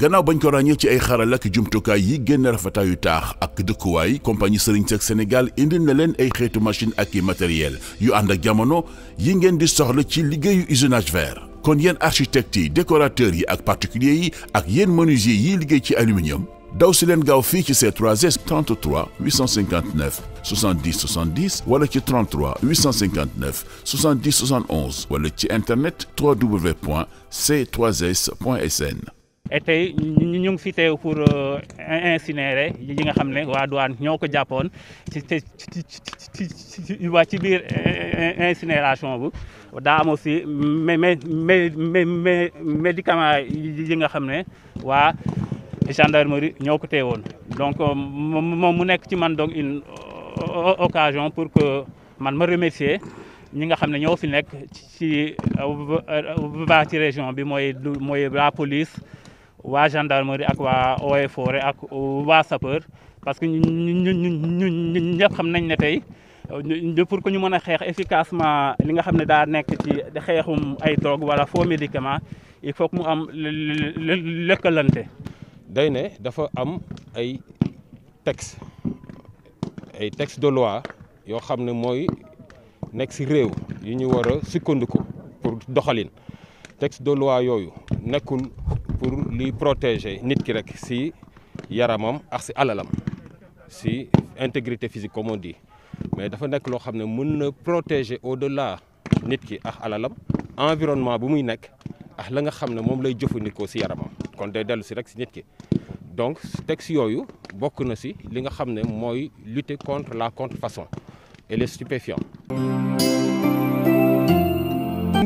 gannaaw bañ ko ràññee ci ay xaral ak jumtukaay yi génn rafetaayu taax ak dëkkuwaay compagnie Serigne Seck Sénégal indil na leen ay xeetu machine ak i matériel yu ànd ak jamono yi ngeen di soxla ci liggéeyu usinage vert. kon yéen architectes yi décorateur yi ak particulier yi ak yéen menuisier yi liggéey ci aluminium daw si leen gaaw fii ci ces 3S 33 859 70 70 wala ci 33 859 70 71 wala ci internet www.c3s.sn. et tey ñu ngi fi teew pour euh, incinérer yi nga xam ne waa douane ñoo ko jàppoon ci ci waa ci biir euh, incinération bu daa am aussi médicament yi nga xam ne waa gendarmerie ñoo ko woon donc euh, moom mu nekk ci man donc une occasion pour que man ma remercier ñi nga xam ne ñoo fi nekk ci waa ci région bi mooy mooy la police waa gendarmerie ak waa eaux et ak waa sapeur parce que ñu ñëpp xam nañ ne tey pour que ñu mën a xeex efficacement li nga xam ne daa nekk ci xeexum ay drogue wala faux médicament il faut que mu am lëkkalante. day ne dafa am ay texte ay texte de loi yoo xam ne mooy nekk si réew yu ñu war a sukkandiku pour doxalin. texte de loi yooyu nekkul pour luy protéger nit ki rek si yaramam ak si alalam si intégrité physique comme on dit mais dafa nekk loo xam ne mën na protéger au-delà nit ki ak alalam environnement bu muy nekk ak la nga xam ne moom lay jëfandikoo si yaramam kon day dellu si rek si nit ki donc texte yooyu bokk na si li nga xam ne mooy lutter contre la contre façon et les stupéfiants